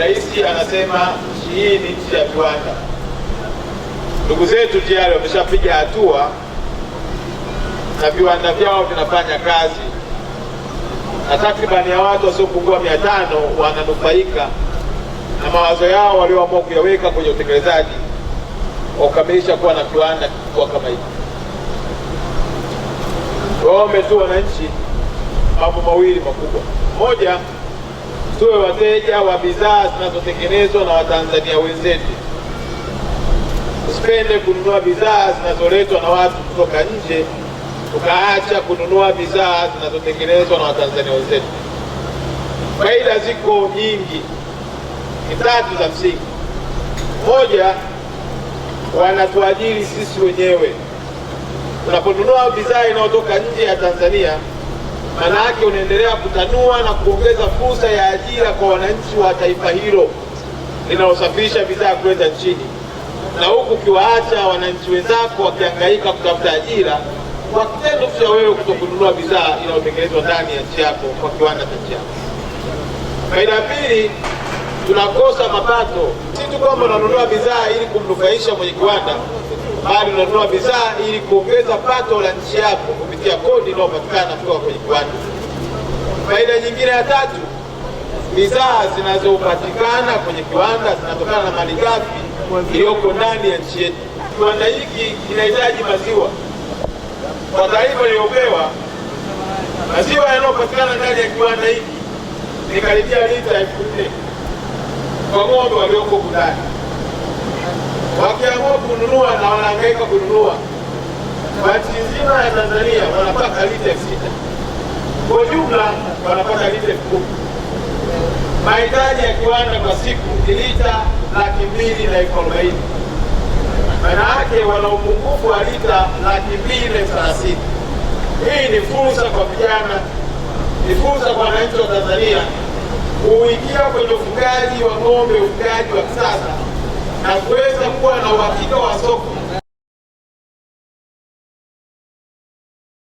Rais anasema hii ni nchi ya viwanda. Ndugu zetu tayari wameshapiga hatua na viwanda vyao vinafanya kazi na takribani ya watu wasiopungua mia tano wananufaika na mawazo yao walioamua kuyaweka kwenye utekelezaji wa kukamilisha kuwa na kiwanda kikubwa kama hiki. Waombe tu wananchi mambo mawili makubwa. Moja, tuwe wateja wa bidhaa zinazotengenezwa na Watanzania wenzetu. Usipende kununua bidhaa zinazoletwa na watu kutoka nje, tukaacha kununua bidhaa zinazotengenezwa na Watanzania wenzetu. Faida ziko nyingi, ni tatu za msingi. Moja, wanatuajiri sisi wenyewe. Tunaponunua bidhaa inayotoka nje ya Tanzania maana yake unaendelea kutanua na kuongeza fursa ya ajira kwa wananchi wa taifa hilo linalosafirisha bidhaa kwenda nchini, na huku ukiwaacha wananchi wenzako wakihangaika kutafuta ajira kwa kitendo cha wewe kutokununua bidhaa inayotengenezwa ndani ya nchi yako kwa kiwanda cha nchi yako. Faida ya pili, tunakosa mapato. Si tu kwamba unanunua bidhaa ili kumnufaisha mwenye kiwanda tunatoa bidhaa ili kuongeza pato la nchi yako kupitia kodi inayopatikana kutoka kwenye kiwanda. Faida nyingine ya tatu, bidhaa zinazopatikana kwenye kiwanda zinatokana na malighafi iliyoko ndani ya nchi yetu. Kiwanda hiki kinahitaji maziwa. Kwa taarifa niliyopewa, maziwa yanayopatikana ndani ya kiwanda hiki ni karibia lita elfu nne kwa ng'ombe walioko ndani kununua na wanahangaika kununua. Bahati nzima ya Tanzania wanapata lita sita kwa jumla, wanapata lita elfu kumi. Mahitaji ya kiwanda kwa siku ni lita laki mbili na elfu arobaini. manaake wana upungufu wa lita laki mbili na elfu thelathini. Hii ni fursa kwa vijana, ni fursa kwa wananchi wa Tanzania kuingia kwenye ufugaji wa ng'ombe, ufugaji wa kisasa na kuweza kuwa na uhakika wa soko.